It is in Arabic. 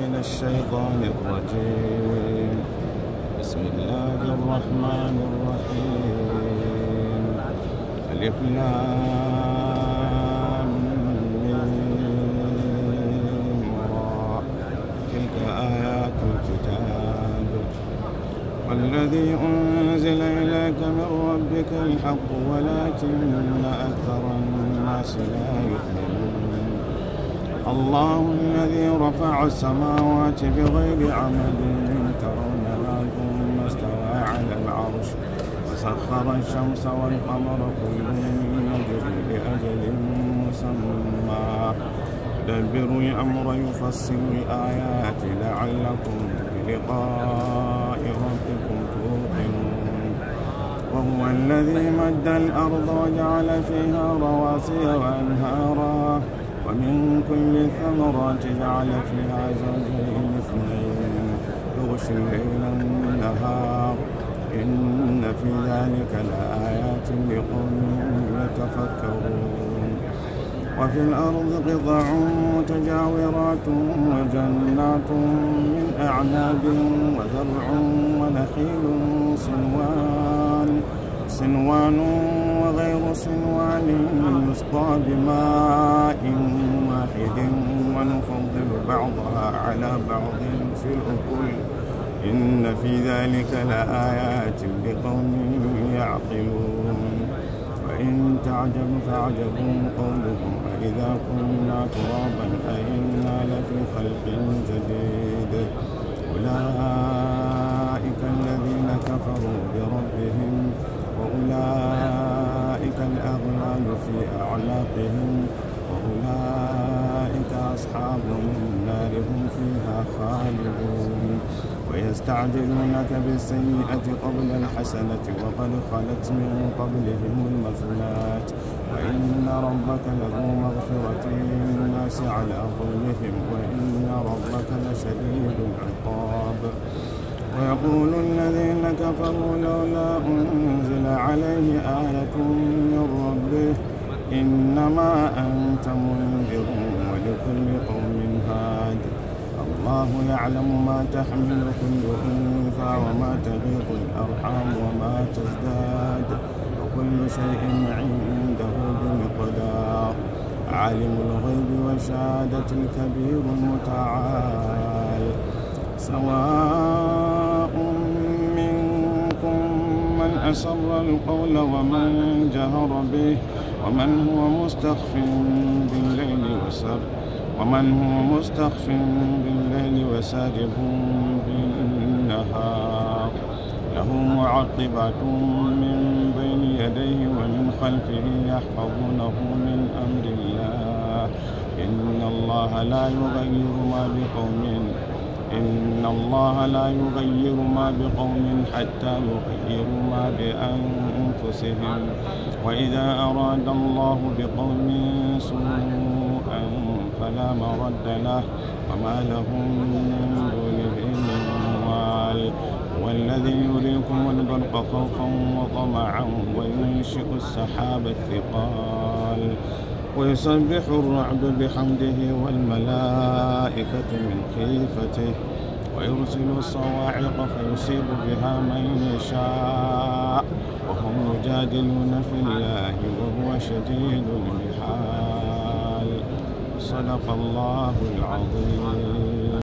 من الشيطان الرجيم بسم الله الرحمن الرحيم ألف لام تلك آيات الكتاب والذي أنزل إليك من ربك الحق ولكن أكثر الناس لا يؤمنون الله الذي رفع السماوات بغير عمد ترونها ثم استوى على العرش وسخر الشمس والقمر كل يجري لأجل مسمى دبروا الأمر يفصل الآيات لعلكم بلقاء ربكم توقنون وهو الذي مد الأرض وجعل فيها رواسي وأنهارا ومن كل الثمرات جعل فيها زوجين اثنين يغشي الليل النهار إن في ذلك لآيات لقوم يتفكرون وفي الأرض قطع متجاورات وجنات من أعناب وزرع ونخيل صنوان صنوان وغير صنوان يسقى بماء واحد ونفضل بعضها على بعض في الأكل إن في ذلك لآيات لقوم يعقلون وإن تعجب فعجب قولهم أإذا كنا ترابا أئنا لفي خلق جديد أولئك الذين كفروا بربهم وأولئك الأغلال في أعناقهم أولئك أصحاب النار هم فيها خالدون ويستعجلونك بالسيئة قبل الحسنة وقد خلت من قبلهم المثلات وإن ربك لذو مغفرة للناس على ظلمهم وإن ربك لشديد العقاب ويقول الذين كفروا لولا أنزل عليه آية إنما أنت منذر ولكل قوم هاد الله يعلم ما تحمل كل أنثى وما تغيض الأرحام وما تزداد وكل شيء عنده بمقدار عالم الغيب وشهادة الكبير المتعال سواء أسر القول ومن جهر به ومن هو مستخف بالليل وسر ومن هو مستخف بالليل وسارب بالنهار له معقبات من بين يديه ومن خلفه يحفظونه من أمر الله إن الله لا يغير ما بقوم إن إن الله لا يغير ما بقوم حتى يغيروا ما بأنفسهم وإذا أراد الله بقوم سوءا فلا مرد له وما لهم من دونه من وال هو الذي يريكم البرق خوفا وطمعا وينشئ السحاب الثقال ويسبح الرعد بحمده والملائكة من خيفته ويرسل الصواعق فيصيب بها من يشاء وهم يجادلون في الله وهو شديد المحال صدق الله العظيم